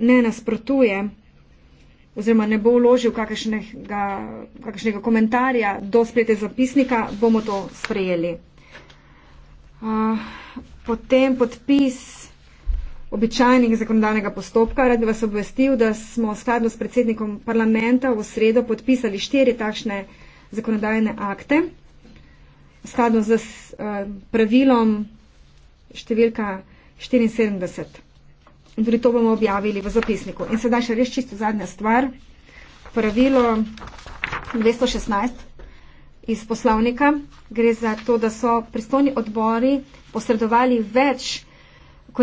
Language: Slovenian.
ne nasprotuje oziroma ne bo vložil kakšnega, kakšnega komentarja do sprete zapisnika, bomo to sprejeli. Uh, potem podpis običajnega zakonodajnega postopka. Rad bi vas obvestil, da smo skladno s predsednikom parlamenta v sredo podpisali štiri takšne zakonodajne akte. Skladno z uh, pravilom številka 74 in tudi to bomo objavili v zapisniku. In sedaj še res čisto zadnja stvar, pravilo 216 iz poslovnika, gre za to, da so pristojni odbori posredovali več informacij,